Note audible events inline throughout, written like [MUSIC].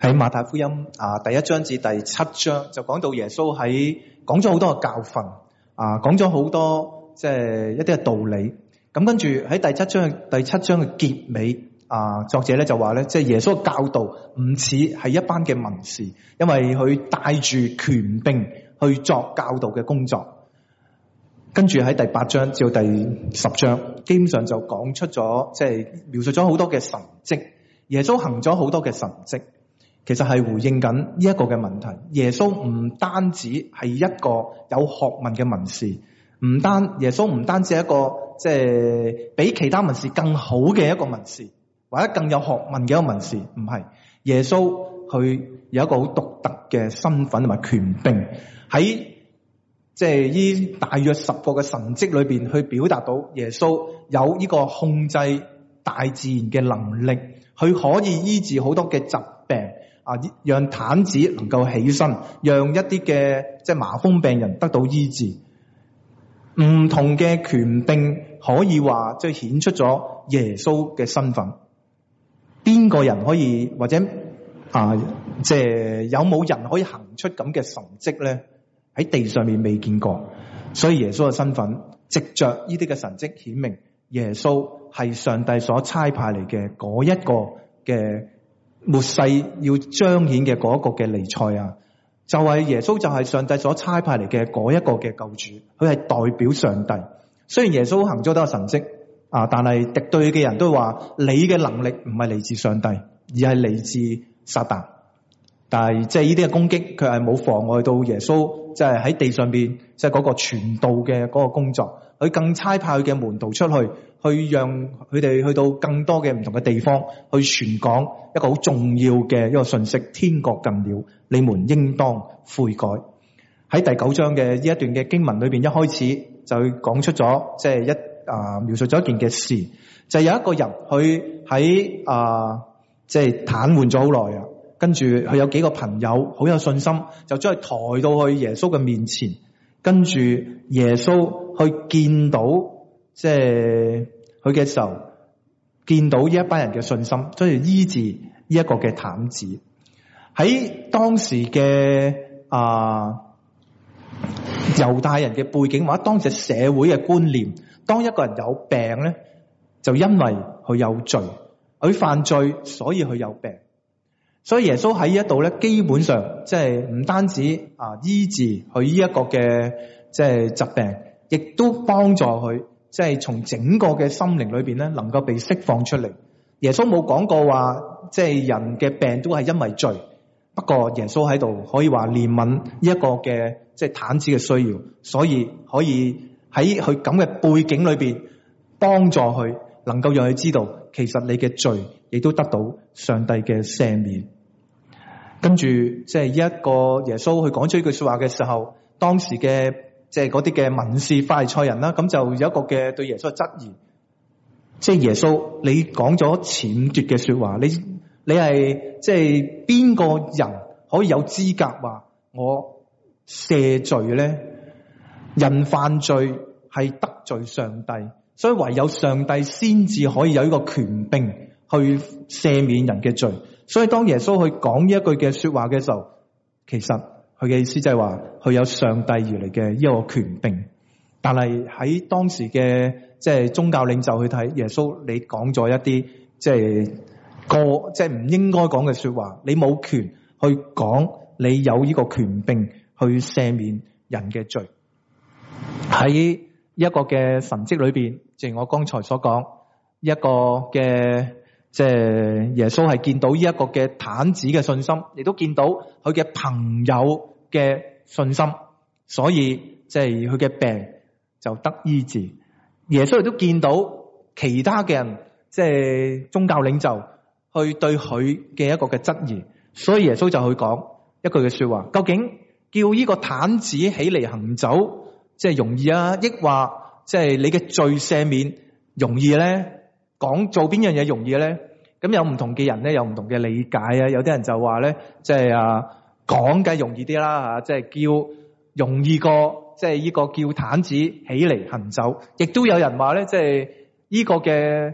喺馬太福音啊，第一章至第七章就講到耶穌喺講咗好多嘅教訓啊，講咗好多即係一啲嘅道理。咁跟住喺第七章，第七章嘅結尾啊，作者咧就話咧，即係耶穌嘅教導唔似係一班嘅文士，因為佢帶住權柄去作教導嘅工作。跟住喺第八章至到第十章，基本上就講出咗即係描述咗好多嘅神蹟，耶穌行咗好多嘅神蹟。其實係回應緊呢一個嘅問題。耶穌唔單止係一個有學問嘅文士，唔單耶穌唔單止係一個即係比其他文士更好嘅一個文士，或者更有學問嘅一個文士，唔係耶穌佢有一個好獨特嘅身份同埋權柄，喺即係呢大約十個嘅神蹟裏邊，去表達到耶穌有呢個控制大自然嘅能力，佢可以醫治好多嘅疾病。啊！讓癱子能夠起身，讓一啲嘅即係麻風病人得到醫治，唔同嘅權柄可以話即係顯出咗耶穌嘅身份。邊個人可以或者啊？即係有冇人可以行出咁嘅神蹟咧？喺地上面未見過，所以耶穌嘅身份藉着呢啲嘅神蹟顯明，耶穌係上帝所差派嚟嘅嗰一個嘅。末世要彰顯嘅嗰一個嘅尼賽啊，就係耶穌就係上帝所差派嚟嘅嗰一個嘅救主，佢係代表上帝。雖然耶穌行咗多個神蹟啊，但係敵對嘅人都話「你嘅能力唔係嚟自上帝，而係嚟自撒旦。」但係即係呢啲嘅攻擊，佢係冇妨礙到耶穌即係喺地上邊即係嗰個傳道嘅嗰個工作。佢更差派佢嘅門徒出去，去讓佢哋去到更多嘅唔同嘅地方去傳講一個好重要嘅一個信息：天國近了，你們應當悔改。喺第九章嘅呢一段嘅經文裏邊，一開始就講講出咗，即係一啊描述咗一件嘅事，就係有一個人佢喺啊即係癱瘓咗好耐啊，跟住佢有幾個朋友好有信心，就將佢抬到去耶穌嘅面前，跟住耶穌。去見到即係佢嘅時候，見到呢一班人嘅信心，所以醫治呢一個嘅癱子。喺當時嘅啊猶太人嘅背景或者當時社會嘅觀念，當一個人有病咧，就因為佢有罪，佢犯罪，所以佢有病。所以耶穌喺呢一度咧，基本上即係唔單止啊醫治佢呢一個嘅即係疾病。亦都幫助佢，即係從整個嘅心靈裏邊咧，能夠被釋放出嚟。耶穌冇講過話，即係人嘅病都係因為罪。不過耶穌喺度可以話憐憫呢一個嘅即係癱子嘅需要，所以可以喺佢咁嘅背景裏邊幫助佢，能夠讓佢知道，其實你嘅罪亦都得到上帝嘅赦免。跟住即係一個耶穌去講咗呢句說話嘅時候，當時嘅。即係嗰啲嘅文士法利賽人啦，咁就有一個嘅對耶穌嘅質疑，即係耶穌，你講咗僭越嘅說話，你你係即係邊個人可以有資格話我赦罪咧？人犯罪係得罪上帝，所以唯有上帝先至可以有呢個權柄去赦免人嘅罪，所以當耶穌去講呢一句嘅說話嘅時候，其實。佢嘅意思就係話佢有上帝而嚟嘅呢個權柄，但係喺當時嘅即係宗教領袖去睇耶穌，你講咗一啲即係個即係唔應該講嘅說話，你冇權去講，你有呢個權柄去赦免人嘅罪。喺一個嘅神蹟裏邊，正如我剛才所講，一個嘅。即係耶穌係見到呢一個嘅癱子嘅信心，亦都見到佢嘅朋友嘅信心，所以即係佢嘅病就得醫治。耶穌亦都見到其他嘅人，即係宗教領袖去對佢嘅一個嘅質疑，所以耶穌就去講一句嘅說話，究竟叫呢個癱子起嚟行走，即係容易啊，抑或即係你嘅罪赦免容易咧？講做邊樣嘢容易咧？咁有唔同嘅人咧，有唔同嘅理解啊！有啲人就話咧，即係啊講容易啲啦吓，即係叫容易過即係呢個叫毯子起嚟行走。亦都有人話咧，即係呢個嘅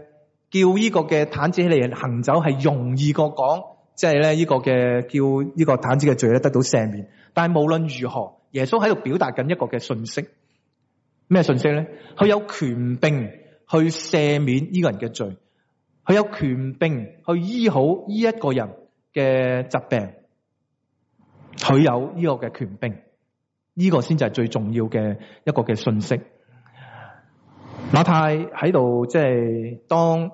叫呢個嘅毯子起嚟行走係容易過講，即係咧呢個嘅叫呢個毯子嘅罪咧得到赦免。但係無論如何，耶穌喺度表達緊一個嘅訊息，咩訊息咧？佢有權柄。去赦免呢個人嘅罪，佢有權柄去醫好呢一個人嘅疾病，佢有呢個嘅權柄，呢個先至係最重要嘅一個嘅信息。馬太喺度即係當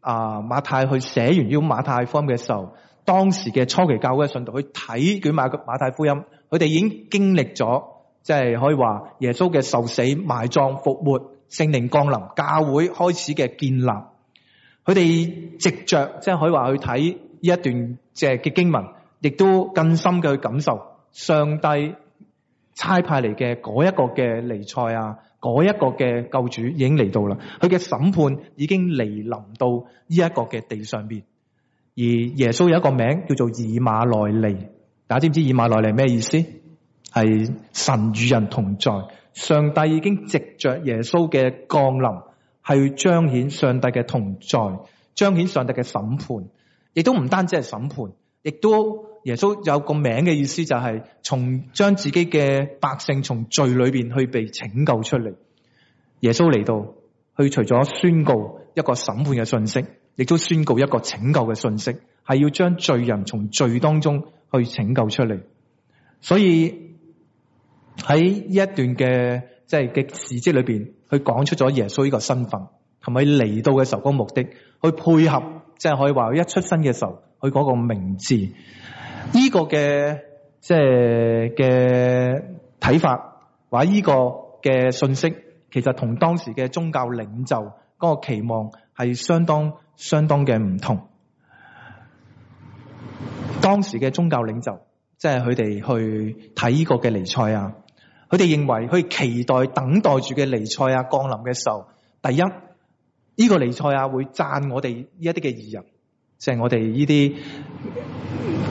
啊馬太去寫完呢個馬太福音嘅時候，當時嘅初期教會嘅信徒去睇佢馬馬太福音，佢哋已經經歷咗，即係可以話耶穌嘅受死、埋葬、復活。聖靈降臨，教會開始嘅建立，佢哋藉着即係可以話去睇呢一段即係嘅經文，亦都更深嘅去感受上帝差派嚟嘅嗰一個嘅彌賽亞，嗰一個嘅救主已經嚟到啦，佢嘅審判已經嚟臨到呢一個嘅地上邊，而耶穌有一個名叫做以馬內利，大家知唔知道以馬內利咩意思？係神與人同在。上帝已經藉着耶穌嘅降臨，係要彰顯上帝嘅同在，彰顯上帝嘅審判，亦都唔單止係審判，亦都耶穌有個名嘅意思就係從將自己嘅百姓從罪裏面去被拯救出嚟。耶穌嚟到去除咗宣告一個審判嘅信息，亦都宣告一個拯救嘅信息，係要將罪人從罪當中去拯救出嚟。所以。喺呢一段嘅即係嘅事蹟裏邊，佢講出咗耶穌呢個身份同埋嚟到嘅時候個目的，去配合即係可以話佢一出生嘅時候佢嗰個名字，呢個嘅即係嘅睇法，話呢個嘅信息其實同當時嘅宗教領袖嗰個期望係相當相當嘅唔同。當時嘅宗教領袖即係佢哋去睇呢個嘅尼賽亞。佢哋認為佢期待等待住嘅彌賽亞降臨嘅時候，第一，呢個彌賽亞會讚我哋呢一啲嘅義人，即係我哋呢啲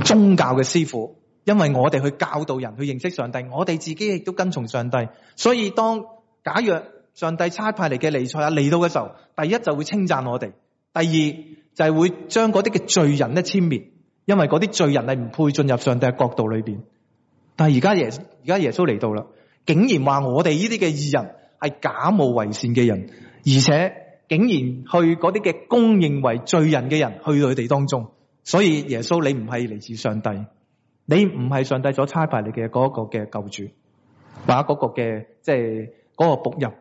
宗教嘅師傅，因為我哋去教導人去認識上帝，我哋自己亦都跟從上帝，所以當假若上帝差派嚟嘅彌賽亞嚟到嘅時候，第一就會稱讚我哋，第二就係會將嗰啲嘅罪人咧殲滅，因為嗰啲罪人係唔配進入上帝嘅國度裏邊。但係而家耶而家耶穌嚟到啦。竟然話我哋呢啲嘅義人係假冒為善嘅人，而且竟然去嗰啲嘅公認為罪人嘅人去佢哋當中，所以耶穌，你唔係嚟自上帝，你唔係上帝所差派你嘅嗰一個嘅救主，把、就、嗰、是、個嘅即係嗰個僕人。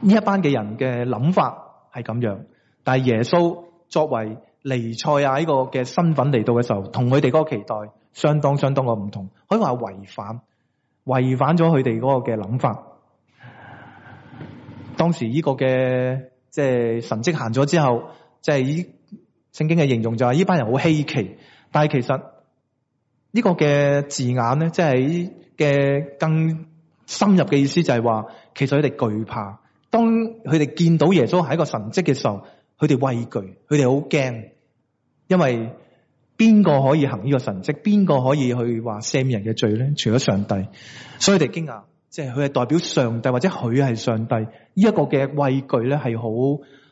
呢一班嘅人嘅諗法係咁樣，但係耶穌作為彌賽亞呢個嘅身份嚟到嘅時候，同佢哋嗰個期待相當相當嘅唔同，可以話違反。違反咗佢哋嗰個嘅諗法。當時呢個嘅即係神蹟行咗之後，即係《聖經》嘅形容就係呢班人好稀奇。但係其實呢個嘅字眼咧，即係嘅更深入嘅意思就係話，其實佢哋懼怕。當佢哋見到耶穌係一個神蹟嘅時候，佢哋畏懼，佢哋好驚，因為。邊個可以行呢個神蹟？邊個可以去話赦免人嘅罪咧？除咗上帝，所以佢哋驚訝，即係佢係代表上帝，或者佢係上帝。呢一個嘅畏懼咧，係好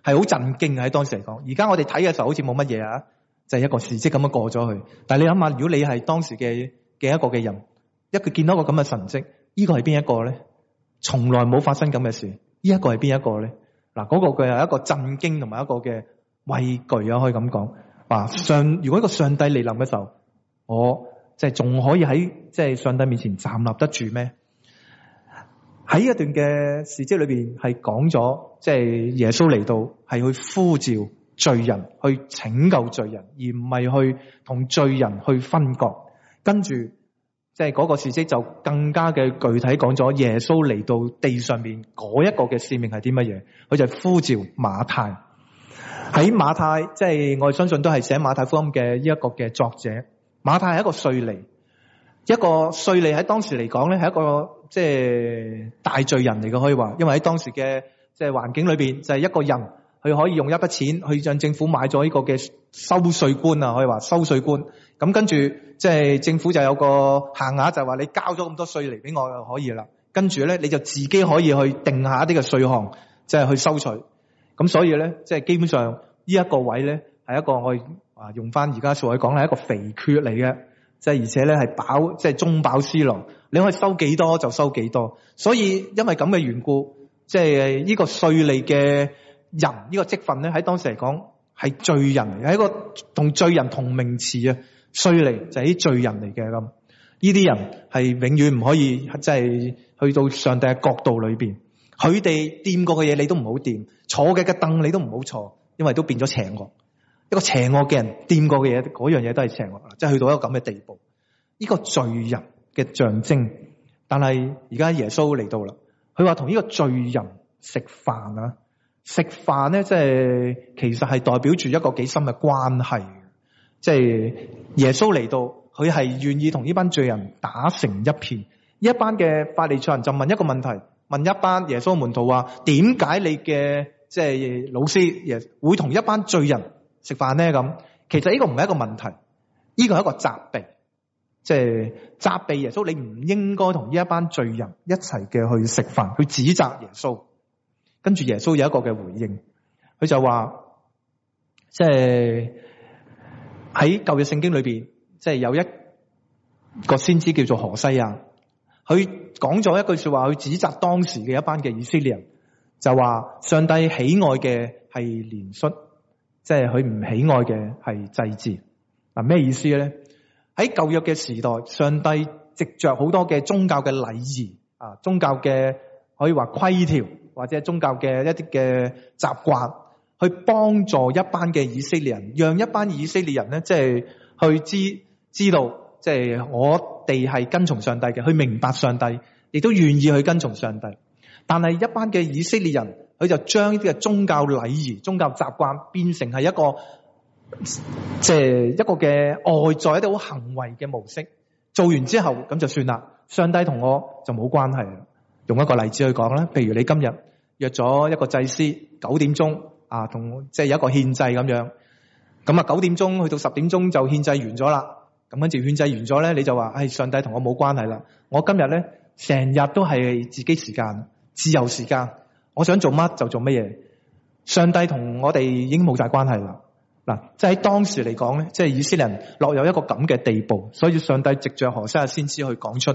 係好震驚喺當時嚟講而家我哋睇嘅時候好似冇乜嘢啊，就係一個事蹟咁樣過咗去。但係你諗下，如果你係當時嘅嘅一個嘅人，一個見到個咁嘅神蹟，呢個係邊一個咧？從來冇發生咁嘅事，呢一個係邊一個咧？嗱，嗰個佢係一個震驚同埋一個嘅畏懼啊，可以咁講。話上如果一個上帝嚟臨嘅時候，我即係仲可以喺即係上帝面前站立得住咩？喺一段嘅事蹟裏邊係講咗，即係耶穌嚟到係去呼召罪人去拯救罪人，而唔係去同罪人去分割。跟住即係嗰個事蹟就更加嘅具體講咗，耶穌嚟到地上面嗰一個嘅使命係啲乜嘢？佢就係呼召馬太。喺馬太，即係我相信都係寫馬太福音嘅呢一個嘅作者。馬太係一個稅吏，一個稅吏喺當時嚟講咧係一個即係、就是、大罪人嚟嘅可以話，因為喺當時嘅即係環境裏邊，就係、是、一個人佢可以用一筆錢去讓政府買咗呢個嘅收稅官啊，可以話收稅官。咁跟住即係政府就有一個限額，就話你交咗咁多稅嚟俾我就可以啦。跟住咧你就自己可以去定下一啲嘅稅項，即、就、係、是、去收取。咁所以咧，即係基本上呢一個位咧，係一個我啊用翻而家所謂講係一個肥缺嚟嘅，即係而且咧係飽，即係中飽私囊。你可以收幾多就收幾多。所以因為咁嘅緣故，即係呢個稅吏嘅人，這個、份呢個職份咧喺當時嚟講係罪人，嚟嘅，係一個同罪人同名詞啊。稅吏就係啲罪人嚟嘅，咁呢啲人係永遠唔可以即係去到上帝嘅國度裏面。佢哋掂過嘅嘢，你都唔好掂；坐嘅嘅凳，你都唔好坐，因為都變咗邪惡。一個邪惡嘅人掂過嘅嘢，嗰樣嘢都係邪惡，即係去到一個咁嘅地步。呢個罪人嘅象徵，但係而家耶穌嚟到啦，佢話同呢個罪人食飯啊，食飯咧，即係其實係代表住一個幾深嘅關係。即係耶穌嚟到，佢係願意同呢班罪人打成一片。呢一班嘅法利賽人就問一個問題。問一班耶穌的門徒話：點解你嘅即係老師耶會同一班罪人食飯呢？咁其實呢個唔係一個問題，呢個係一個責備，即係責備耶穌。你唔應該同呢一班罪人一齊嘅去食飯，去指責耶穌。跟住耶穌有一個嘅回應，佢就話：即係喺舊約聖經裏邊，即係有一個先知叫做何西阿。佢講咗一句說話，佢指責當時嘅一班嘅以色列人，就話上帝喜愛嘅係憐恤，即係佢唔喜愛嘅係祭祀。嗱，咩意思咧？喺舊約嘅時代，上帝藉著好多嘅宗教嘅禮儀啊，宗教嘅可以話規條或者宗教嘅一啲嘅習慣，去幫助一班嘅以色列人，讓一班以色列人咧，即係去知知道，即係我地係跟從上帝嘅，去明白上帝，亦都願意去跟從上帝。但係一班嘅以色列人，佢就將呢啲嘅宗教禮儀、宗教習慣變成係一個即係一個嘅外在一啲好行為嘅模式。做完之後咁就算啦，上帝同我就冇關係。用一個例子去講啦，譬如你今日約咗一個祭司九點鐘啊，同即係有一個獻祭咁樣。咁啊，九點鐘去到十點鐘就獻祭完咗啦。咁跟住勸制完咗咧，你就話，哎，上帝同我冇關係啦。我今日咧成日都係自己時間、自由時間，我想做乜就做乜嘢。上帝同我哋已經冇晒關係啦。嗱，即係喺當時嚟講咧，即係以色列人落入一個咁嘅地步，所以上帝藉着何西阿先知去講出，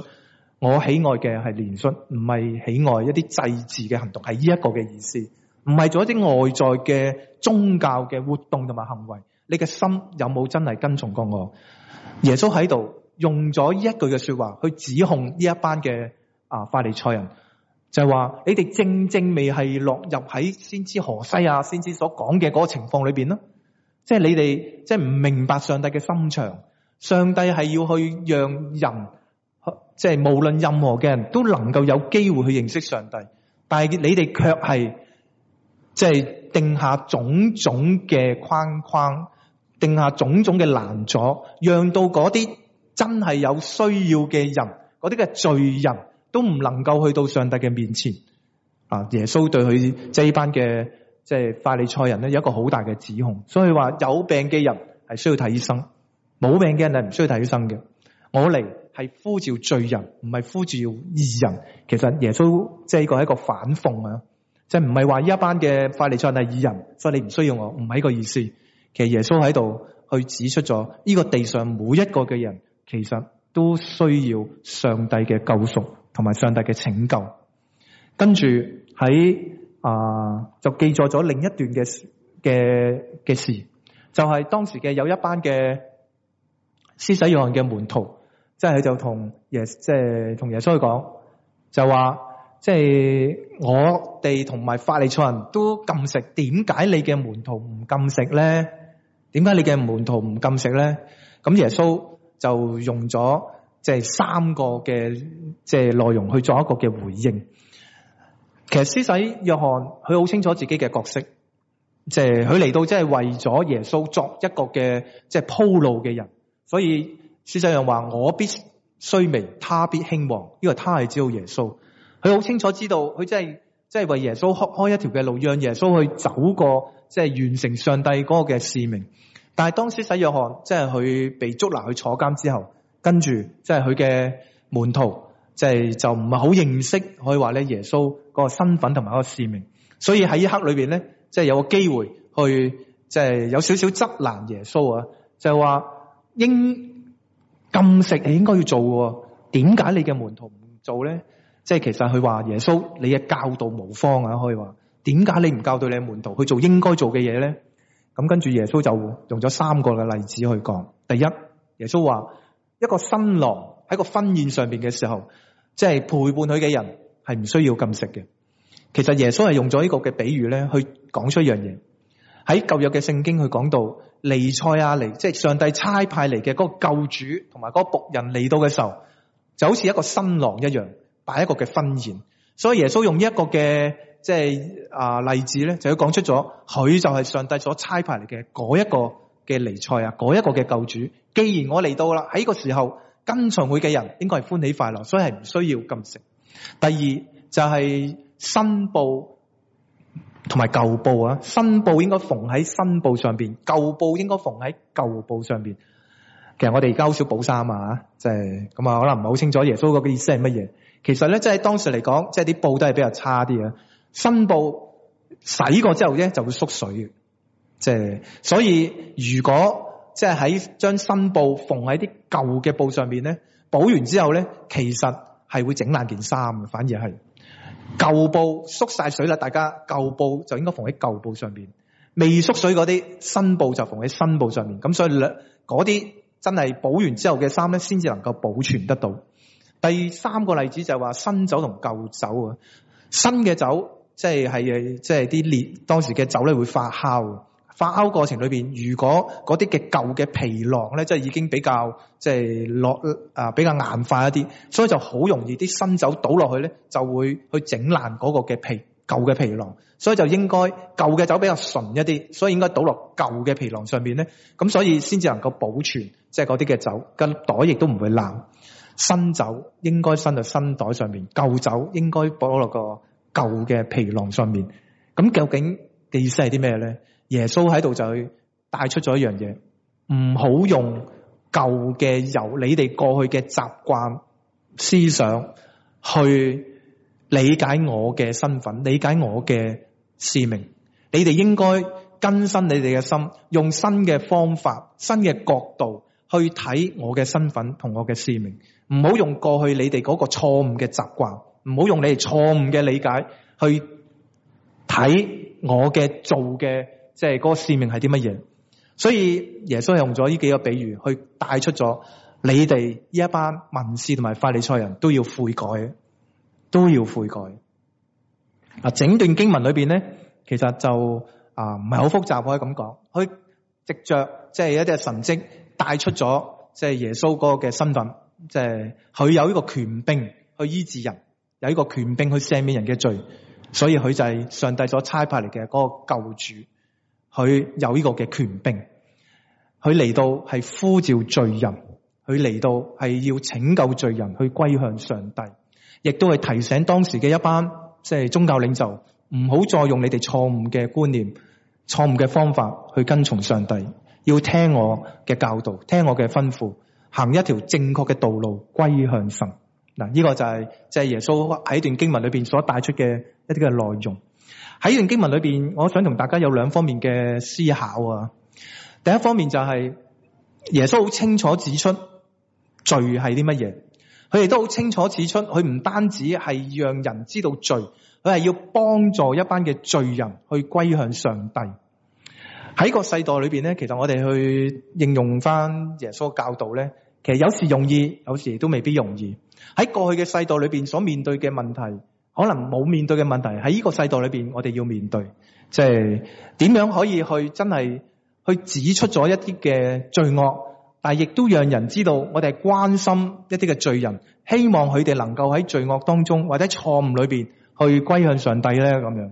我喜愛嘅係憐恤，唔係喜愛一啲祭祀嘅行動，係呢一個嘅意思，唔係做一啲外在嘅宗教嘅活動同埋行為。你嘅心有冇真係跟從過我？耶穌喺度用咗一句嘅說話去指控呢一班嘅，啊法利賽人，就係話你哋正正未係落入喺先知何西阿先知所講嘅嗰個情況裏邊咯，即係你哋即係唔明白上帝嘅心腸，上帝係要去讓人即係無論任何嘅人都能夠有機會去認識上帝，但係你哋卻係即係定下種種嘅框框。定下種種嘅難阻，讓到嗰啲真係有需要嘅人，嗰啲嘅罪人，都唔能夠去到上帝嘅面前。啊，耶穌對佢呢班嘅即係法利賽人咧，有一個好大嘅指控。所以話有病嘅人係需要睇醫生，冇病嘅人係唔需要睇醫生嘅。我嚟係呼召罪人，唔係呼召義人。其實耶穌即係一個一個反諷啊，即係唔係話呢一班嘅法利賽人係義人，所以你唔需要我，唔係一個意思。其實耶穌喺度去指出咗呢個地上每一個嘅人，其實都需要上帝嘅救贖同埋上帝嘅拯救在。跟住喺啊就記載咗另一段嘅嘅嘅事，就係、是、當時嘅有一班嘅施洗約翰嘅門徒，即係就同、是、耶即係同耶穌去講，就話即係我哋同埋法利賽人都禁食，點解你嘅門徒唔禁食咧？點解你嘅門徒唔禁食咧？咁耶穌就用咗即係三個嘅即係內容去做一個嘅回應。其實施洗約翰佢好清楚自己嘅角色，即係佢嚟到即係為咗耶穌作一個嘅即係鋪路嘅人。所以施洗約翰又話：我必衰微，他必興旺。因為他係知道耶穌，佢好清楚知道佢真係。即係為耶穌開開一條嘅路，讓耶穌去走過，即係完成上帝嗰個嘅使命。但係當時施洗約翰即係佢被捉拿去坐監之後，跟住即係佢嘅門徒，即係就唔係好認識可以話咧耶穌嗰個身份同埋嗰個使命。所以喺呢一刻裏邊咧，即係有個機會去，即係有少少責難耶穌啊，就話應禁食係應該要做喎。點解你嘅門徒唔做咧？即係其實佢話耶穌，你嘅教導無方啊，可以話點解你唔教導你嘅門徒去做應該做嘅嘢咧？咁跟住耶穌就用咗三個嘅例子去講。第一，耶穌話一個新郎喺個婚宴上邊嘅時候，即係陪伴佢嘅人係唔需要禁食嘅。其實耶穌係用咗呢個嘅比喻咧，去講出一樣嘢。喺舊約嘅聖經去講到尼賽啊，嚟，即係上帝差派嚟嘅嗰個救主同埋嗰個僕人嚟到嘅時候，就好似一個新郎一樣。擺一個嘅婚宴，所以耶穌用呢一個嘅即係啊例子咧，就要講出咗佢就係上帝所差派嚟嘅嗰一個嘅彌賽亞，嗰一個嘅救主。既然我嚟到啦，喺呢個時候跟隨會嘅人應該係歡喜快樂，所以係唔需要禁食。第二就係新布同埋舊布啊，新布應該縫喺新布上邊，舊布應該縫喺舊布上邊。其實我哋而家好少補衫啊，即係咁啊，可能唔係好清楚耶穌嗰個意思係乜嘢。其實咧，即係當時嚟講，即係啲布都係比較差啲嘅。新布洗過之後咧，就會縮水嘅。即係所以，如果即係喺將新布縫喺啲舊嘅布上面咧，補完之後咧，其實係會整爛件衫。反而係舊布縮晒水啦，大家舊布就應該縫喺舊布上面，未縮水嗰啲新布就縫喺新布上面。咁所以咧，嗰啲真係補完之後嘅衫咧，先至能夠保存得到。第三個例子就係話新酒同舊酒啊，新嘅酒即係係即係啲裂當時嘅酒咧會發酵，發酵過程裏邊，如果嗰啲嘅舊嘅皮囊咧，即係已經比較即係落啊比較硬化一啲，所以就好容易啲新酒倒落去咧就會去整爛嗰個嘅皮舊嘅皮囊，所以就應該舊嘅酒比較純一啲，所以應該倒落舊嘅皮囊上面咧，咁所以先至能夠保存即係嗰啲嘅酒跟袋亦都唔會爛。新酒應該伸到新袋上面，舊酒應該擺落個舊嘅皮囊上面。咁究竟嘅意思係啲咩咧？耶穌喺度就去帶出咗一樣嘢，唔好用舊嘅由你哋過去嘅習慣思想去理解我嘅身份，理解我嘅使命。你哋應該更新你哋嘅心，用新嘅方法、新嘅角度去睇我嘅身份同我嘅使命。唔好用過去你哋嗰個錯誤嘅習慣，唔好用你哋錯誤嘅理解去睇我嘅做嘅，即係嗰個使命係啲乜嘢。所以耶穌用咗呢幾個比喻，去帶出咗你哋呢一班文士同埋法利賽人都要悔改，都要悔改。啊，整段經文裏邊咧，其實就啊唔係好複雜可以咁講，去藉着即係、就是、一啲神蹟帶出咗即係耶穌嗰個嘅身份。即係佢有呢個權柄去醫治人，有呢個權柄去赦免人嘅罪，所以佢就係上帝所差派嚟嘅嗰個救主。佢有呢個嘅權柄，佢嚟到係呼召罪人，佢嚟到係要拯救罪人去歸向上帝，亦都係提醒當時嘅一班即係宗教領袖，唔好再用你哋錯誤嘅觀念、錯誤嘅方法去跟從上帝，要聽我嘅教導，聽我嘅吩咐。行一條正確嘅道路，歸向神。嗱，呢個就係即係耶穌喺段經文裏邊所帶出嘅一啲嘅內容。喺段經文裏邊，我想同大家有兩方面嘅思考啊。第一方面就係耶穌好清楚指出罪係啲乜嘢，佢哋都好清楚指出，佢唔單止係讓人知道罪，佢係要幫助一班嘅罪人去歸向上帝。喺個世代裏邊咧，其實我哋去應用翻耶穌嘅教導咧，其實有時容易，有時都未必容易。喺過去嘅世代裏邊所面對嘅問題，可能冇面對嘅問題，喺呢個世代裏邊我哋要面對，即係點樣可以去真係去指出咗一啲嘅罪惡，但係亦都讓人知道我哋係關心一啲嘅罪人，希望佢哋能夠喺罪惡當中或者錯誤裏邊去歸向上帝咧咁樣。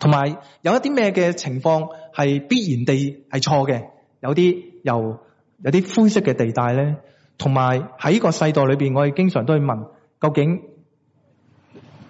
同埋有，有一啲咩嘅情況？係必然地係錯嘅，有啲有有啲灰色嘅地帶咧，同埋喺個世代裏邊，我哋經常都會問，究竟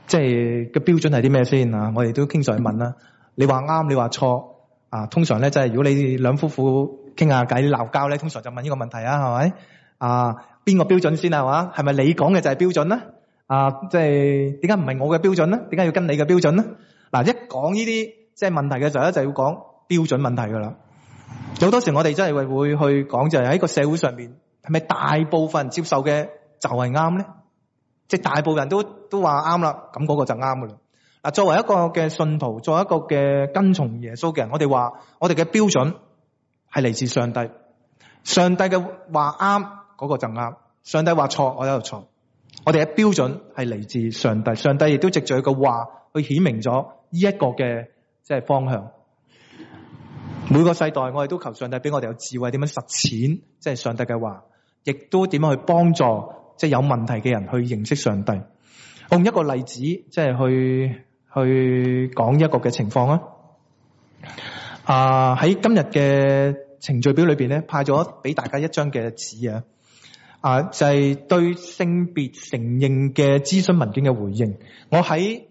即係個標準係啲咩先啊？我哋都經常去問啦。你話啱，你話錯啊？通常咧，即係如果你兩夫婦傾下偈鬧交咧，通常就問呢個問題是啊，係咪啊？邊個標準先係嘛？係咪你講嘅就係標準咧？啊，即係點解唔係我嘅標準咧？點解要跟你嘅標準咧？嗱、啊，一講呢啲即係問題嘅時候就要講。標準問題噶啦，好多時我哋真係會會去講，就係喺個社會上面係咪大部分人接受嘅就係啱咧？即係大部分人都都話啱啦，咁嗰個就啱噶啦。嗱，作為一個嘅信徒，作為一個嘅跟從耶穌嘅人，我哋話我哋嘅標準係嚟自上帝，上帝嘅話啱嗰個就啱，上帝話錯我有錯。我哋嘅標準係嚟自上帝，上帝亦都藉住佢嘅話去顯明咗呢一個嘅即係方向。每個世代我哋都求上帝俾我哋有智慧點樣實踐即係上帝嘅話，亦都點樣去幫助即係有問題嘅人去認識上帝。我用一個例子即係去去講一個嘅情況啊！啊喺今日嘅程序表裏邊咧，派咗俾大家一張嘅紙啊，啊就係、是、對性別承認嘅諮詢文件嘅回應。我喺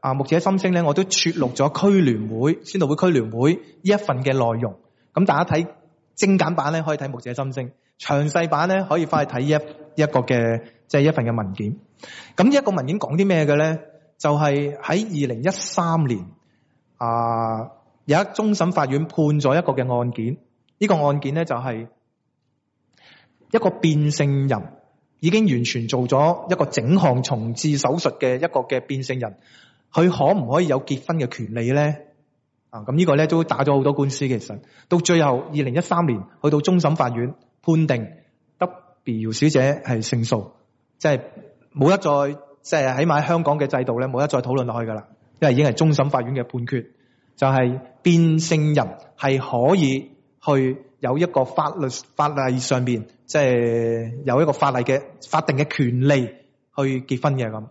啊！牧者心聲咧，我都脫錄咗區聯會宣道會區聯會呢一份嘅內容。咁大家睇精簡版咧，可以睇牧者心聲；詳細版咧，可以翻去睇一一個嘅即係一份嘅文件。咁呢一個文件講啲咩嘅咧？就係喺二零一三年啊，有一終審法院判咗一個嘅案件。呢、這個案件咧就係、是、一個變性人。已經完全做咗一個整項重置手術嘅一個嘅變性人，佢可唔可以有結婚嘅權利咧？啊，咁、這個、呢個咧都打咗好多官司嘅，其實到最後二零一三年去到終審法院判定 W 小姐係勝訴，即係冇得再即係喺埋香港嘅制度咧冇得再討論落去噶啦，因為已經係終審法院嘅判決，就係、是、變性人係可以去有一個法律法例上邊。即係有一個法例嘅法定嘅權利去結婚嘅咁，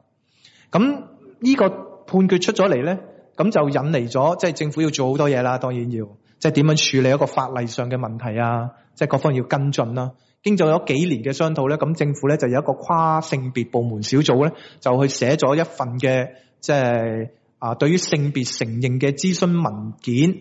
咁呢個判決出咗嚟咧，咁就引嚟咗即係政府要做好多嘢啦，當然要即係點樣處理一個法例上嘅問題啊，即係各方要跟進啦、啊。經過咗幾年嘅商討咧，咁政府咧就有一個跨性別部門小組咧，就去寫咗一份嘅即係啊對於性別承認嘅諮詢文件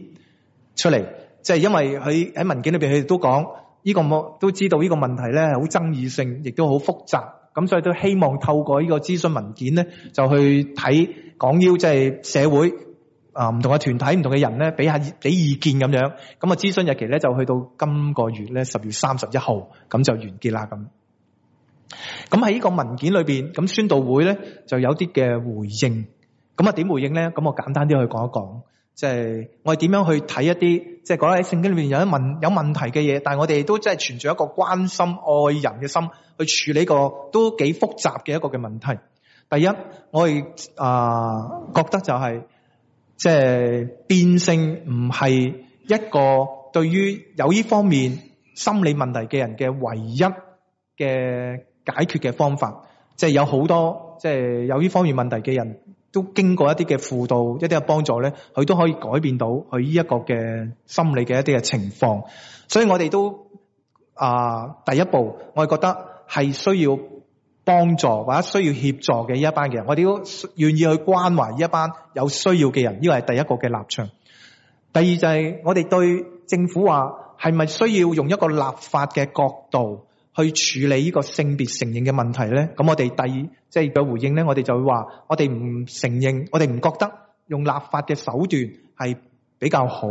出嚟，即係因為佢喺文件裏邊佢哋都講。呢個都知道呢個問題咧，好爭議性，亦都好複雜，咁所以都希望透過呢個諮詢文件咧，就去睇講要即係社會啊唔同嘅團體、唔同嘅人咧，俾下俾意見咁樣。咁啊，諮詢日期咧就去到今個月咧十月三十一號，咁就完結啦。咁咁喺呢個文件裏邊，咁宣道會咧就有啲嘅回應。咁啊，點回應咧？咁我簡單啲去講一講。即係我哋點樣去睇一啲，即係覺得喺聖經裏面有一問有問題嘅嘢，但係我哋都即係存住一個關心愛人嘅心去處理個都幾複雜嘅一個嘅問題。第一，我哋啊覺得就係即係變性唔係一個對於有呢方面心理問題嘅人嘅唯一嘅解決嘅方法，即係有好多即係有呢方面問題嘅人。都經過一啲嘅輔導、一啲嘅幫助咧，佢都可以改變到佢呢一個嘅心理嘅一啲嘅情況。所以我哋都啊第一步，我哋覺得係需要幫助或者需要協助嘅一班人，我哋都願意去關懷呢一班有需要嘅人，呢個係第一個嘅立場。第二就係我哋對政府話係咪需要用一個立法嘅角度去處理呢個性別承認嘅問題咧，咁我哋第二即係個回應咧，我哋就會話：我哋唔承認，我哋唔覺得用立法嘅手段係比較好，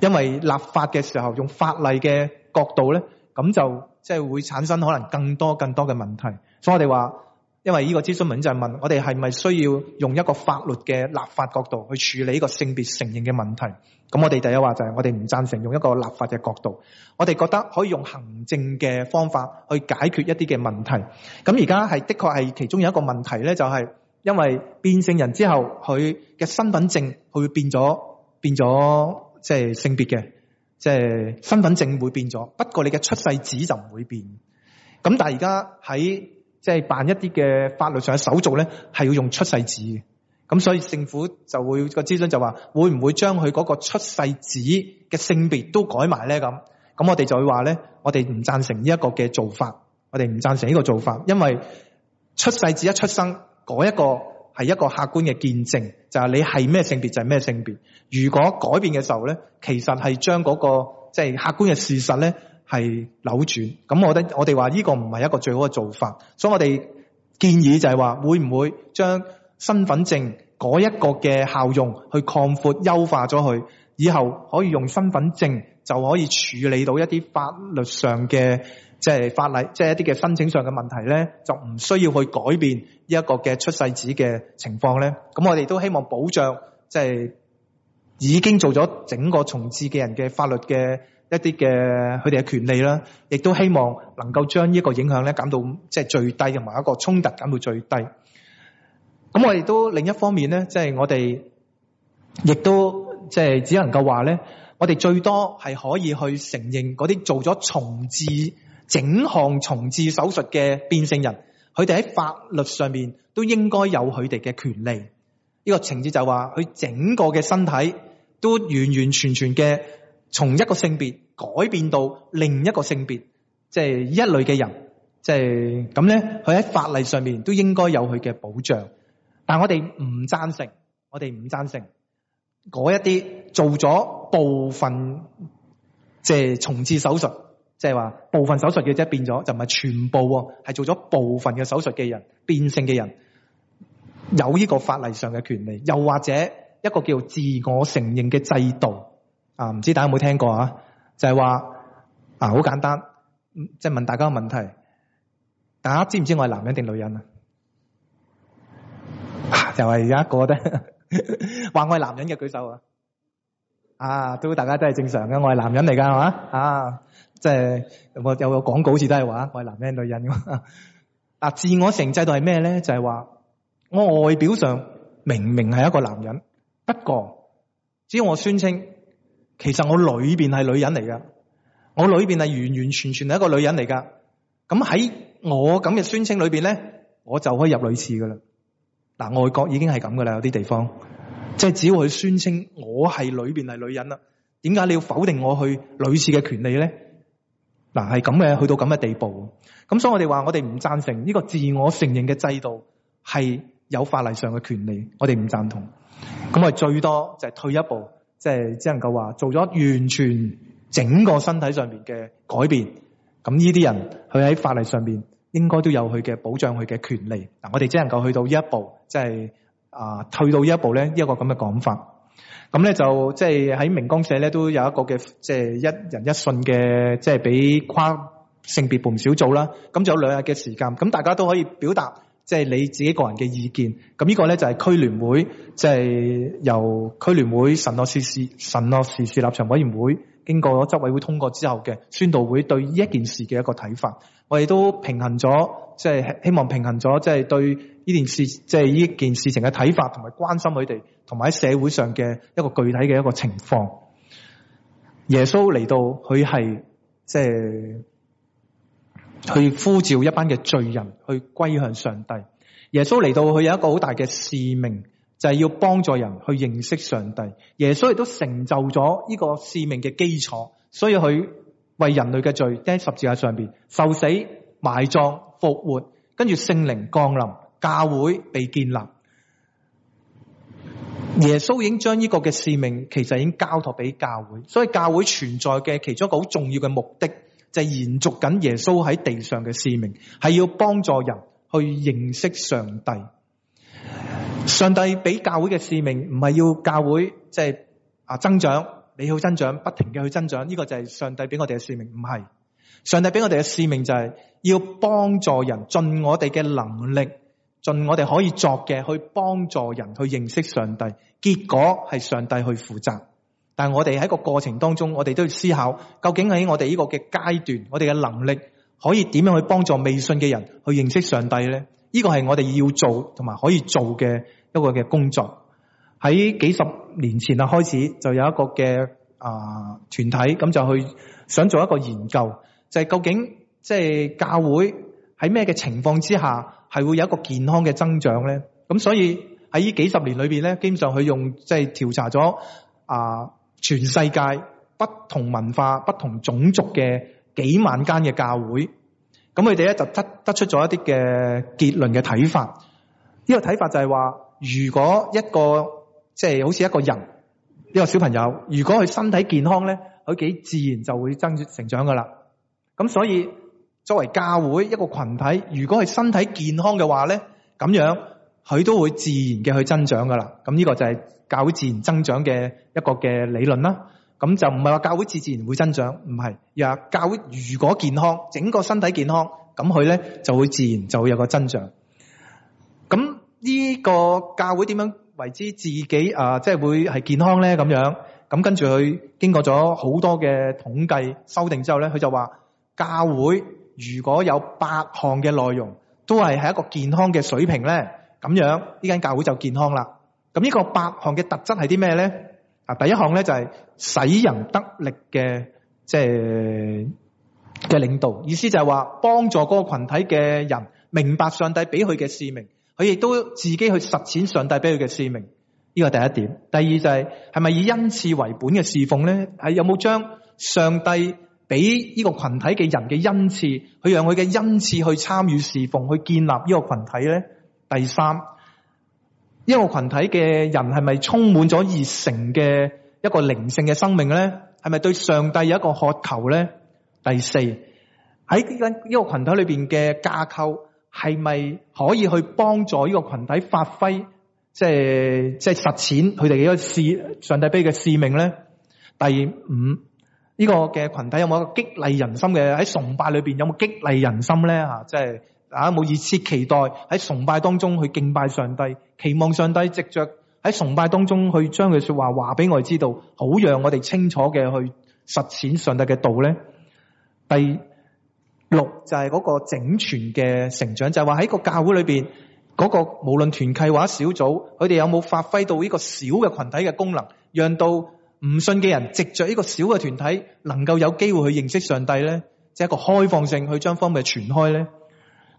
因為立法嘅時候用法例嘅角度咧，咁就即係會產生可能更多更多嘅問題，所以我哋話。因為呢個諮詢文就係問，我哋係咪需要用一個法律嘅立法角度去處理呢個性別承認嘅問題？咁我哋第一話就係我哋唔贊成用一個立法嘅角度，我哋覺得可以用行政嘅方法去解決一啲嘅問題。咁而家係的確係其中有一個問題咧，就係因為變性人之後佢嘅身份證佢會變咗變咗即係性別嘅，即係身份證會變咗，就是。不過你嘅出世紙就唔會變。咁但係而家喺即係辦一啲嘅法律上嘅手續咧，係要用出世紙嘅，咁所以政府就會、個諮詢就話，會唔會將佢嗰個出世紙嘅性別都改埋咧咁？咁我哋就會話咧，我哋唔贊成呢一個嘅做法，我哋唔贊成呢個做法，因為出世紙一出生嗰一個係一個客觀嘅見證，就係你係咩性別就係咩性別。如果改變嘅時候咧，其實係將嗰個即係客觀嘅事實咧。係扭轉，咁我覺得我哋話呢個唔係一個最好嘅做法，所以我哋建議就係話，會唔會將身份證嗰一個嘅效用去擴闊、優化咗佢，以後可以用身份證就可以處理到一啲法律上嘅即係法例，即係一啲嘅申請上嘅問題咧，就唔需要去改變呢一個嘅出世紙嘅情況咧。咁我哋都希望保障即係已經做咗整個重置嘅人嘅法律嘅。一啲嘅佢哋嘅權利啦，亦都希望能夠將呢個影響咧減到即係最低，同埋一個衝突減到最低。咁我哋都另一方面咧，即係我哋亦都即係只能夠話咧，我哋最多係可以去承認嗰啲做咗重置整項重置手術嘅變性人，佢哋喺法律上面都應該有佢哋嘅權利。呢個情節就話佢整個嘅身體都完完全全嘅。從一個性別改變到另一個性別，即係一類嘅人，即係咁咧，佢喺法例上面都應該有佢嘅保障。但係我哋唔贊成，我哋唔贊成嗰一啲做咗部分，即係重置手術，即係話部分手術嘅啫，變咗就唔係全部，係做咗部分嘅手術嘅人，變性嘅人有呢個法例上嘅權利，又或者一個叫自我承認嘅制度。啊，唔知大家有冇聽過啊？就係、是、話啊，好簡單，即係問大家個問題，大家知唔知我係男人定女人啊？就係而家一個話話我係男人嘅舉手啊！啊，都大家都係正常嘅，我係男人嚟㗎係嘛？啊，即、啊、係、就是、我有個廣告好似都係話我係男人、女人咁啊，啊。自我成制度係咩咧？就係、是、話我外表上明明係一個男人，不過只要我宣稱。其實我裏邊係女人嚟噶，我裏邊係完完全全係一個女人嚟噶。咁喺我咁嘅宣稱裏邊咧，我就可以入女廁噶啦。嗱，外國已經係咁噶啦，有啲地方，即係只要佢宣稱我係裏邊係女人啦，點解你要否定我去女廁嘅權利咧？嗱，係咁嘅，去到咁嘅地步。咁所以我哋話，我哋唔贊成呢個自我承認嘅制度係有法例上嘅權利，我哋唔贊同。咁我哋最多就係退一步。即係只能夠話做咗完全整個身體上面嘅改變，咁呢啲人佢喺法例上面應該都有佢嘅保障，佢嘅權利。嗱，我哋只能夠去到呢一步，即係，啊，退到呢一步咧，一個咁嘅講法呢。咁咧就即係喺明光社咧都有一個嘅即係一人一信嘅，即係俾跨性別部門小組啦。咁就有兩日嘅時間，咁大家都可以表達。即係你自己個人嘅意見，咁呢個咧就係區聯會即係由區聯會神諾時事神諾時事立場委員會經過咗執委會通過之後嘅宣道會對呢一件事嘅一個睇法，我哋都平衡咗，即係希望平衡咗，即係對呢件事即係呢件事情嘅睇法同埋關心佢哋，同埋喺社會上嘅一個具體嘅一個情況。耶穌嚟到佢係即係。去呼召一班嘅罪人去歸向上帝。耶穌嚟到，佢有一個好大嘅使命，就係要幫助人去認識上帝。耶穌亦都成就咗呢個使命嘅基礎，所以佢為人類嘅罪，喺十字架上邊受死、埋葬、復活，跟住聖靈降臨、教會被建立。耶穌已經將呢個嘅使命，其實已經交託俾教會，所以教會存在嘅其中一個好重要嘅目的。係延續緊耶穌喺地上嘅使命，係要幫助人去認識上帝。上帝俾教會嘅使命唔係要教會即係啊增長，你去增長，不停嘅去增長，呢個就係上帝俾我哋嘅使命。唔係，上帝俾我哋嘅使命就係要幫助人，盡我哋嘅能力，盡我哋可以作嘅去幫助人去認識上帝。結果係上帝去負責。但係我哋喺個過程當中，我哋都要思考，究竟喺我哋呢個嘅階段，我哋嘅能力可以點樣去幫助未信嘅人去認識上帝呢？呢、這個係我哋要做同埋可以做嘅一個嘅工作。喺幾十年前啊，開始就有一個嘅啊、呃、團體咁就去想做一個研究，就係、是、究竟即係、就是、教會喺咩嘅情況之下係會有一個健康嘅增長呢？咁所以喺呢幾十年裏邊呢，基本上佢用即係、就是、調查咗啊。呃全世界不同文化、不同種族嘅幾萬間嘅教會，咁佢哋咧就得得出咗一啲嘅結論嘅睇法。呢、呢個睇法就係話，如果一個即係、就是、好似一個人，一個小朋友，如果佢身體健康咧，佢幾自然就會增長成長噶啦。咁所以作為教會一個群體，如果佢身體健康嘅話咧，咁樣。佢都會自然嘅去增長噶啦，咁呢個就係教會自然增長嘅一個嘅理論啦。咁就唔係話教會自自然會增長，唔係。又教會如果健康，整個身體健康，咁佢咧就會自然就會有個增長。咁呢個教會點樣為之自己啊？即、呃、係、就是、會係健康咧？咁樣咁跟住佢經過咗好多嘅統計修訂之後咧，佢就話教會如果有八項嘅內容都係係一個健康嘅水平咧。咁樣呢間教會就健康啦。咁、這、呢個八項嘅特質係啲咩呢？啊，第一項呢，就係使人得力嘅，即係嘅領導。意思就係話幫助嗰個群體嘅人明白上帝俾佢嘅使命，佢亦都自己去實踐上帝俾佢嘅使命。呢個係第一點。第二就係係咪以恩賜為本嘅侍奉呢？係有冇將上帝俾呢個群體嘅人嘅恩賜，去讓佢嘅恩賜去參與侍奉，去建立呢個群體呢？第三，呢個群體嘅人係咪充滿咗熱誠嘅一個靈性嘅生命咧？係咪對上帝有一個渴求咧？第四，喺呢個群體裏邊嘅架構係咪可以去幫助呢個群體發揮，即係即係實踐佢哋嘅一個事上帝俾嘅使命咧？第五，呢個嘅群體有冇一個激勵人心嘅喺崇拜裏邊有冇激勵人心咧？吓，即係。啊！冇熱切期待喺崇拜當中去敬拜上帝，期望上帝藉着喺崇拜當中去將佢說話話俾我哋知道，好讓我哋清楚嘅去實踐上帝嘅道咧。第六就係、是、嗰個整全嘅成長，就係話喺個教會裏邊嗰、那個無論團契或者小組，佢哋有冇發揮到呢個小嘅群體嘅功能，讓到唔信嘅人藉着呢個小嘅團體，能夠有機會去認識上帝咧，即、就、係、是、一個開放性去將方面傳開咧。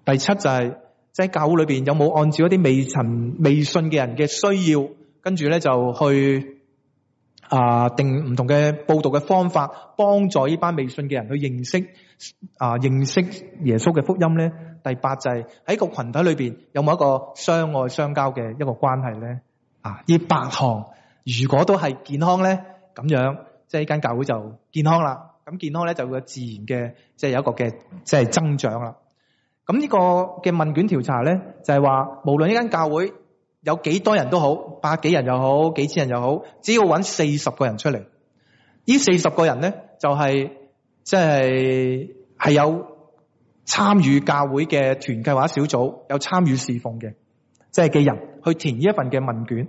第七就係、是、即係教會裏邊有冇按照一啲未曾未信嘅人嘅需要，跟住咧就去啊定唔同嘅佈道嘅方法，幫助呢班未信嘅人去認識啊認識耶穌嘅福音咧。第八就係、是、喺個群體裏邊有冇一個相愛相交嘅一個關係咧。啊，呢八項如果都係健康咧，咁樣即係呢間教會就健康啦。咁健康咧就會有自然嘅即係有一個嘅即係增長啦。咁呢個嘅問卷調查咧，就係話無論呢間教會有幾多人都好，百幾人又好，幾千人又好，只要揾四十個人出嚟，呢四十個人咧就係即係係有參與教會嘅團契小組，有參與侍奉嘅即係嘅人去填呢一份嘅問卷。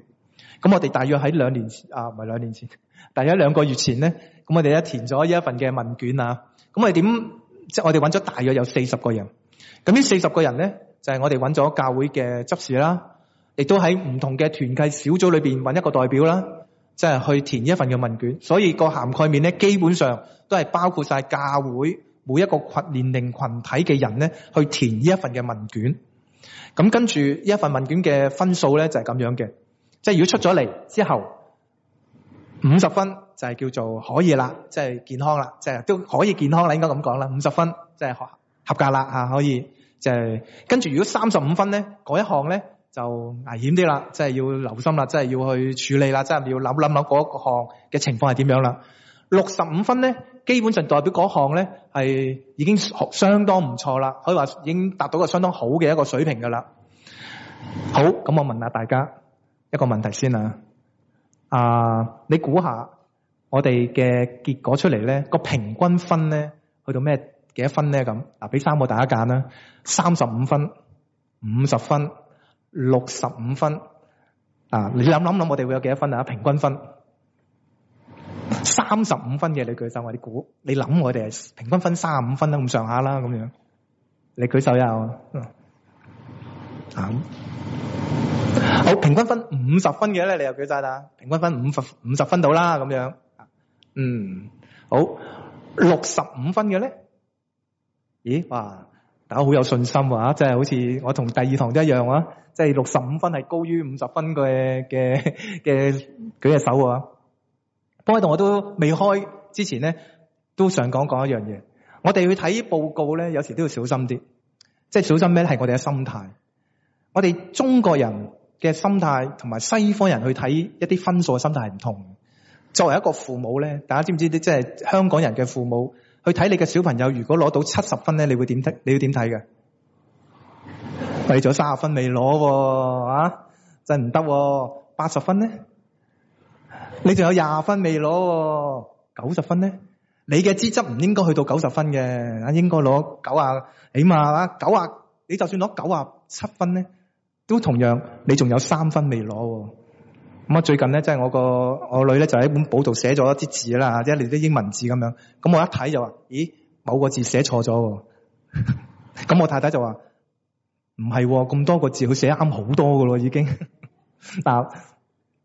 咁我哋大約喺兩年啊，唔係兩年前，大約兩個月前咧，咁我哋咧填咗呢一份嘅問卷啊。咁我哋點即係我哋揾咗大約有四十個人。咁呢四十個人咧，就係、是、我哋揾咗教會嘅執事啦，亦都喺唔同嘅團契小組裏邊揾一個代表啦，即、就、係、是、去填一份嘅問卷。所以個涵蓋面咧，基本上都係包括晒教會每一個群年齡群體嘅人咧，去填呢一份嘅問卷。咁跟住呢一份問卷嘅分數咧，就係、是、咁樣嘅，即、就、係、是、如果出咗嚟之後五十分就係叫做可以啦，即、就、係、是、健康啦，即、就、係、是、都可以健康啦，應該咁講啦。五十分即係學校。合格啦吓，可以就係跟住，如果三十五分咧，嗰一項咧就危險啲啦，即係要留心啦，即係要去處理啦，即係要諗諗諗嗰一項嘅情況係點樣啦。六十五分咧，基本上代表嗰項咧係已經相當唔錯啦，可以話已經達到個相當好嘅一個水平噶啦。好，咁我問下大家一個問題先啊，啊，你估下我哋嘅結果出嚟咧，個平均分咧去到咩？幾多分咧？咁嗱，俾三個大家揀啦，三十五分、五十分、六十五分啊！你諗諗諗，我哋會有幾多分啊？平均分三十五分嘅，你舉手，我哋估，你諗我哋係平均分三十五分啦，咁上下啦，咁樣。你舉手又嗯啊？好，平均分五十分嘅咧，你又舉晒啦。平均分五十五十分到啦，咁樣，嗯，好，好六十五分嘅咧。咦，哇！大家好有信心啊，即係好似我同第二堂都一樣啊，即係六十五分係高於五十分嘅嘅嘅舉隻手啊！不過喺度我都未開之前咧，都想講講一樣嘢。我哋去睇報告咧，有時都要小心啲。即係小心咩咧？係我哋嘅心態。我哋中國人嘅心態同埋西方人去睇一啲分數嘅心態係唔同。作為一個父母咧，大家知唔知啲？即係香港人嘅父母。去睇你嘅小朋友，如果攞到七十分咧，你會點睇？你會點睇嘅？為咗三十分未攞，啊，真唔得。八十分咧，你仲有廿分未攞？九十分咧，你嘅資質唔應該去到九十分嘅，應該攞九啊，起碼啊九啊，你就算攞九啊七分咧，都同樣你仲有三分未攞。咁啊，最近咧，即係我個我女咧，就喺本簿度寫咗一啲字啦，即係你啲英文字咁樣。咁我一睇就話，咦，某個字寫錯咗。咁 [LAUGHS] 我太太就話，唔係、啊，咁多個字佢寫啱好多噶咯，已經。嗱，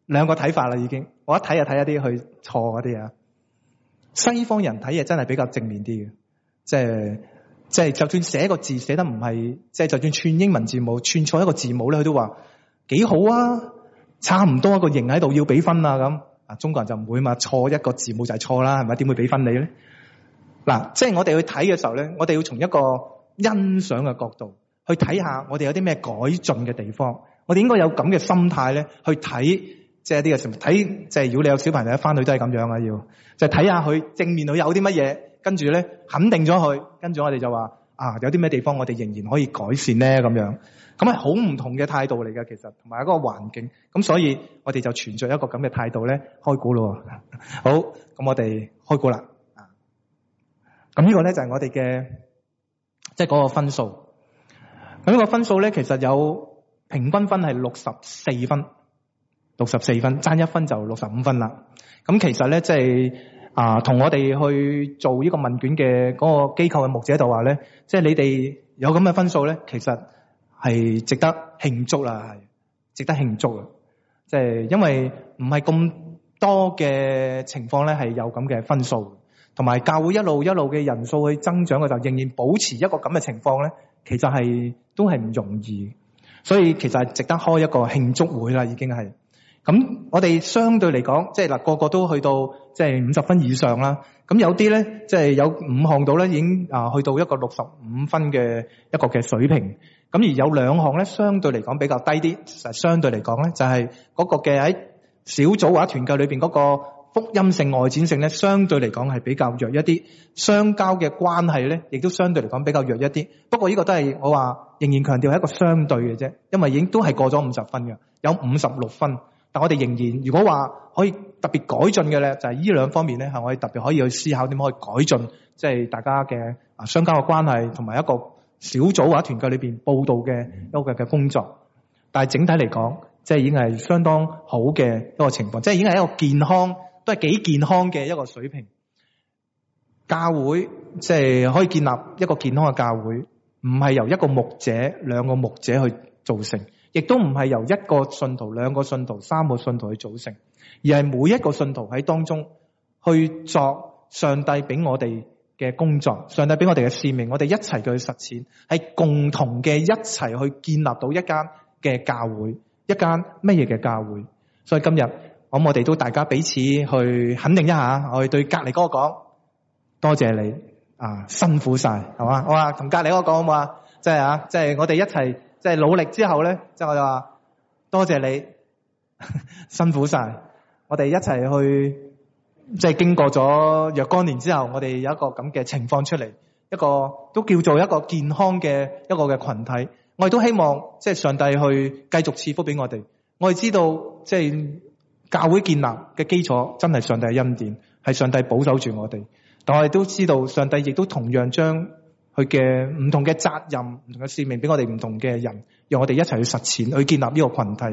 兩個睇法啦，已經。我一睇就睇一啲佢錯嗰啲啊。西方人睇嘢真係比較正面啲嘅，即係即係，就，是就是、就算寫個字寫得唔係，即、就、係、是、就算串英文字母串錯一個字母咧，佢都話幾好啊。差唔多一個型喺度要俾分啊，咁啊中國人就唔會嘛，錯一個字母就係錯啦，係咪？點會俾分你咧？嗱，即係我哋去睇嘅時候咧，我哋要從一個欣賞嘅角度去睇下，我哋有啲咩改進嘅地方，我哋應該有咁嘅心態咧，去睇即係啲嘅，睇即係如果你有小朋友翻去都係咁樣啊，要就睇下佢正面度有啲乜嘢，跟住咧肯定咗佢，跟住我哋就話。啊，有啲咩地方我哋仍然可以改善咧？咁樣咁係好唔同嘅態度嚟嘅。其實同埋一個環境，咁所以我哋就存在一個咁嘅態度咧，開估咯。好，咁我哋開估啦。咁呢個咧就係我哋嘅，即係嗰個分數。咁呢個分數咧，其實有平均分係六十四分，六十四分，爭一分就六十五分啦。咁其實咧，即係。啊，同我哋去做呢個問卷嘅嗰個機構嘅目者就話咧，即係你哋有咁嘅分數咧，其實係值得慶祝啦，係值得慶祝啊！即係因為唔係咁多嘅情況咧，係有咁嘅分數，同埋教會一路一路嘅人數去增長嘅時候，仍然保持一個咁嘅情況咧，其實係都係唔容易，所以其實係值得開一個慶祝會啦，已經係。咁我哋相對嚟講，即係嗱個個都去到即係五十分以上啦。咁有啲咧，即係有五項到咧，已經啊去到一個六十五分嘅一個嘅水平。咁而有兩項咧，相對嚟講比較低啲。就相對嚟講咧，就係嗰個嘅喺小組或者團契裏邊嗰個福音性外展性咧，相對嚟講係比較弱一啲。相交嘅關係咧，亦都相對嚟講比較弱一啲。不過呢個都係我話仍然強調係一個相對嘅啫，因為已經都係過咗五十分嘅，有五十六分。但我哋仍然，如果話可以特別改進嘅咧，就係呢兩方面咧，係我哋特別可以去思考點樣去改進，即係大家嘅啊，商家嘅關係同埋一個小組或者團契裏邊報道嘅一個嘅工作。但係整體嚟講，即係已經係相當好嘅一個情況，即係已經係一個健康，都係幾健康嘅一個水平。教會即係可以建立一個健康嘅教會，唔係由一個牧者、兩個牧者去造成。亦都唔係由一個信徒，兩個信徒，三個信徒去組成，而係每一個信徒喺當中去作上帝俾我哋嘅工作，上帝俾我哋嘅使命，我哋一齊去實踐，係共同嘅一齊去建立到一間嘅教會，一間乜嘢嘅教會？所以今日我我哋都大家彼此去肯定一下，我哋對隔籬個講多謝你啊，辛苦晒係嘛？同隔籬個講好冇，就是，啊？即係啊，即係我哋一齊。即係努力之後咧，即係我話多謝你辛苦晒，我哋一齊去即係、就是、經過咗若干年之後，我哋有一個咁嘅情況出嚟，一個都叫做一個健康嘅一個嘅群體。我哋都希望即係、就是、上帝去繼續賜福俾我哋。我哋知道即係、就是、教會建立嘅基礎真係上帝嘅恩典，係上帝保守住我哋。但我哋都知道上帝亦都同樣將。佢嘅唔同嘅責任、唔同嘅使命，俾我哋唔同嘅人，讓我哋一齊去實踐，去建立呢個群體。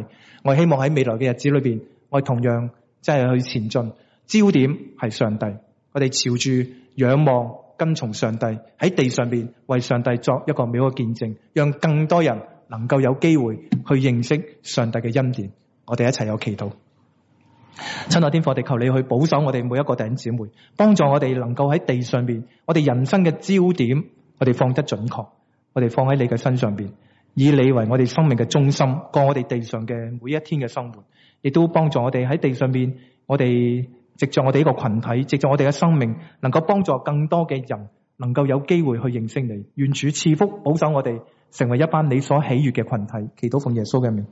我希望喺未來嘅日子裏邊，我哋同樣即係去前進。焦點係上帝，我哋朝住、仰望、跟從上帝喺地上面為上帝作一個美好嘅見證，讓更多人能夠有機會去認識上帝嘅恩典。我哋一齊有祈禱，親愛天父，我哋求你去保守我哋每一個弟兄姊妹，幫助我哋能夠喺地上面，我哋人生嘅焦點。我哋放得準確，我哋放喺你嘅身上邊，以你為我哋生命嘅中心，過我哋地上嘅每一天嘅生活，亦都幫助我哋喺地上面，我哋藉着我哋呢個群體，藉着我哋嘅生命，能夠幫助更多嘅人，能夠有機會去認識你，願主賜福保守我哋，成為一班你所喜悅嘅群體，祈禱奉耶穌嘅名，